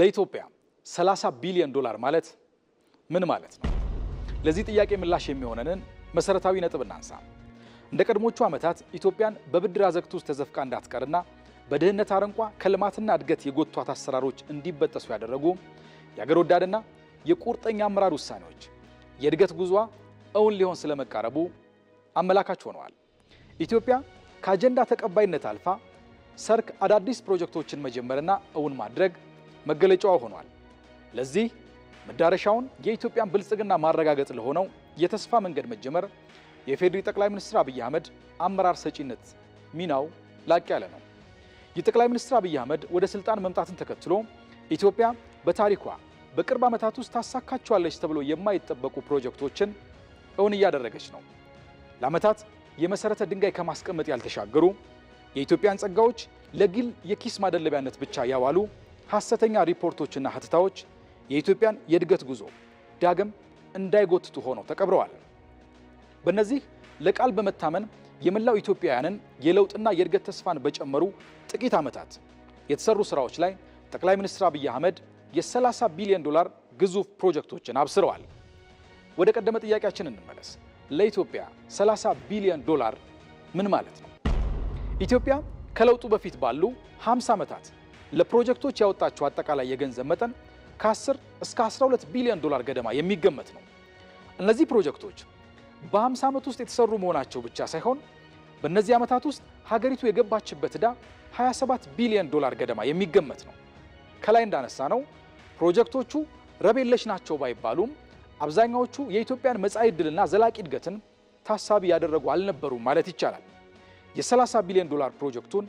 ለኢትዮጵያ 30 ቢሊዮን ዶላር ማለት ምን ማለት ነው? ለዚህ ጥያቄ ምላሽ የሚሆነንን መሰረታዊ ነጥብ እናንሳ። እንደ ቀድሞቹ ዓመታት ኢትዮጵያን በብድር አዘቅት ውስጥ ተዘፍቃ እንዳትቀርና በድህነት አረንቋ ከልማትና እድገት የጎቷት አሰራሮች እንዲበጠሱ ያደረጉ የአገር ወዳድና የቁርጠኛ አመራር ውሳኔዎች የእድገት ጉዟ እውን ሊሆን ስለመቃረቡ አመላካች ሆነዋል። ኢትዮጵያ ከአጀንዳ ተቀባይነት አልፋ ሰርክ አዳዲስ ፕሮጀክቶችን መጀመርና እውን ማድረግ መገለጫዋ ሆኗል። ለዚህ መዳረሻውን የኢትዮጵያን ብልጽግና ማረጋገጥ ለሆነው የተስፋ መንገድ መጀመር የፌዴሪ ጠቅላይ ሚኒስትር አብይ አህመድ አመራር ሰጪነት ሚናው ላቅ ያለ ነው። የጠቅላይ ሚኒስትር አብይ አህመድ ወደ ስልጣን መምጣትን ተከትሎ ኢትዮጵያ በታሪኳ በቅርብ ዓመታት ውስጥ ታሳካቸዋለች ተብሎ የማይጠበቁ ፕሮጀክቶችን እውን እያደረገች ነው። ለዓመታት የመሰረተ ድንጋይ ከማስቀመጥ ያልተሻገሩ የኢትዮጵያን ጸጋዎች ለግል የኪስ ማደለቢያነት ብቻ ያዋሉ ሐሰተኛ ሪፖርቶችና ሐተታዎች የኢትዮጵያን የእድገት ጉዞ ዳግም እንዳይጎትቱ ሆነው ተቀብረዋል። በእነዚህ ለቃል በመታመን የመላው ኢትዮጵያውያንን የለውጥና የእድገት ተስፋን በጨመሩ ጥቂት ዓመታት የተሰሩ ስራዎች ላይ ጠቅላይ ሚኒስትር አብይ አህመድ የ30 ቢሊዮን ዶላር ግዙፍ ፕሮጀክቶችን አብስረዋል። ወደ ቀደመ ጥያቄያችን እንመለስ። ለኢትዮጵያ 30 ቢሊዮን ዶላር ምን ማለት ነው? ኢትዮጵያ ከለውጡ በፊት ባሉ 50 ዓመታት ለፕሮጀክቶች ያወጣቸው አጠቃላይ የገንዘብ መጠን ከ10 እስከ 12 ቢሊዮን ዶላር ገደማ የሚገመት ነው። እነዚህ ፕሮጀክቶች በ50 ዓመት ውስጥ የተሰሩ መሆናቸው ብቻ ሳይሆን በእነዚህ ዓመታት ውስጥ ሀገሪቱ የገባችበት ዕዳ 27 ቢሊዮን ዶላር ገደማ የሚገመት ነው። ከላይ እንዳነሳ ነው ፕሮጀክቶቹ ረቤለሽ ናቸው ባይባሉም አብዛኛዎቹ የኢትዮጵያን መጻኢ ዕድልና ዘላቂ እድገትን ታሳቢ ያደረጉ አልነበሩም ማለት ይቻላል። የ30 ቢሊዮን ዶላር ፕሮጀክቱን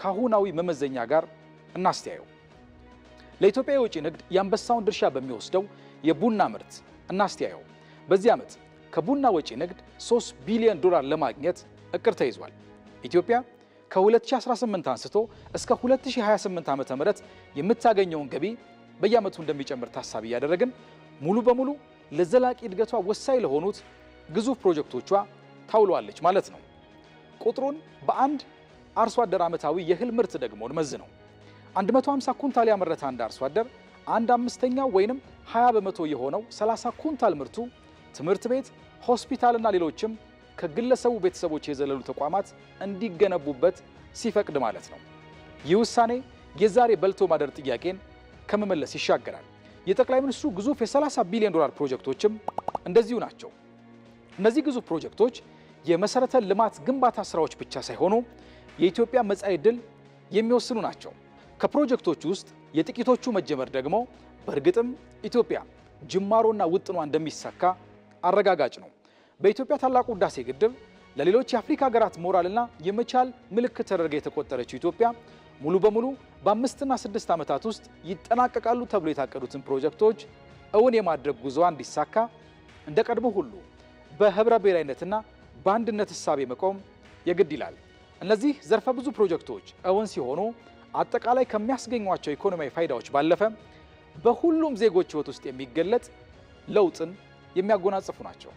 ከአሁናዊ መመዘኛ ጋር እናስተያየው። ለኢትዮጵያ የውጭ ንግድ የአንበሳውን ድርሻ በሚወስደው የቡና ምርት እናስተያየው። በዚህ ዓመት ከቡና ወጪ ንግድ 3 ቢሊዮን ዶላር ለማግኘት እቅድ ተይዟል። ኢትዮጵያ ከ2018 አንስቶ እስከ 2028 ዓ ም የምታገኘውን ገቢ በየዓመቱ እንደሚጨምር ታሳቢ እያደረግን ሙሉ በሙሉ ለዘላቂ እድገቷ ወሳኝ ለሆኑት ግዙፍ ፕሮጀክቶቿ ታውለዋለች ማለት ነው። ቁጥሩን በአንድ አርሶ አደር ዓመታዊ የእህል ምርት ደግሞ እንመዝ ነው። 150 ኩንታል ያመረተ አንድ አርሶ አደር አንድ አምስተኛ ወይንም 20 በመቶ የሆነው 30 ኩንታል ምርቱ ትምህርት ቤት፣ ሆስፒታልና ሌሎችም ከግለሰቡ ቤተሰቦች የዘለሉ ተቋማት እንዲገነቡበት ሲፈቅድ ማለት ነው። ይህ ውሳኔ የዛሬ በልቶ ማደር ጥያቄን ከመመለስ ይሻገራል። የጠቅላይ ሚኒስትሩ ግዙፍ የ30 ቢሊዮን ዶላር ፕሮጀክቶችም እንደዚሁ ናቸው። እነዚህ ግዙፍ ፕሮጀክቶች የመሰረተ ልማት ግንባታ ስራዎች ብቻ ሳይሆኑ የኢትዮጵያ መጻኢ ዕድል የሚወስኑ ናቸው። ከፕሮጀክቶች ውስጥ የጥቂቶቹ መጀመር ደግሞ በእርግጥም ኢትዮጵያ ጅማሮና ውጥኗ እንደሚሳካ አረጋጋጭ ነው። በኢትዮጵያ ታላቁ ህዳሴ ግድብ ለሌሎች የአፍሪካ ሀገራት ሞራልና የመቻል ምልክት ተደርጋ የተቆጠረችው ኢትዮጵያ ሙሉ በሙሉ በአምስትና ስድስት ዓመታት ውስጥ ይጠናቀቃሉ ተብሎ የታቀዱትን ፕሮጀክቶች እውን የማድረግ ጉዞዋ እንዲሳካ እንደ ቀድሞ ሁሉ በህብረ ብሔራዊነትና በአንድነት እሳቤ መቆም የግድ ይላል። እነዚህ ዘርፈ ብዙ ፕሮጀክቶች እውን ሲሆኑ አጠቃላይ ከሚያስገኟቸው ኢኮኖሚያዊ ፋይዳዎች ባለፈ በሁሉም ዜጎች ህይወት ውስጥ የሚገለጥ ለውጥን የሚያጎናጽፉ ናቸው።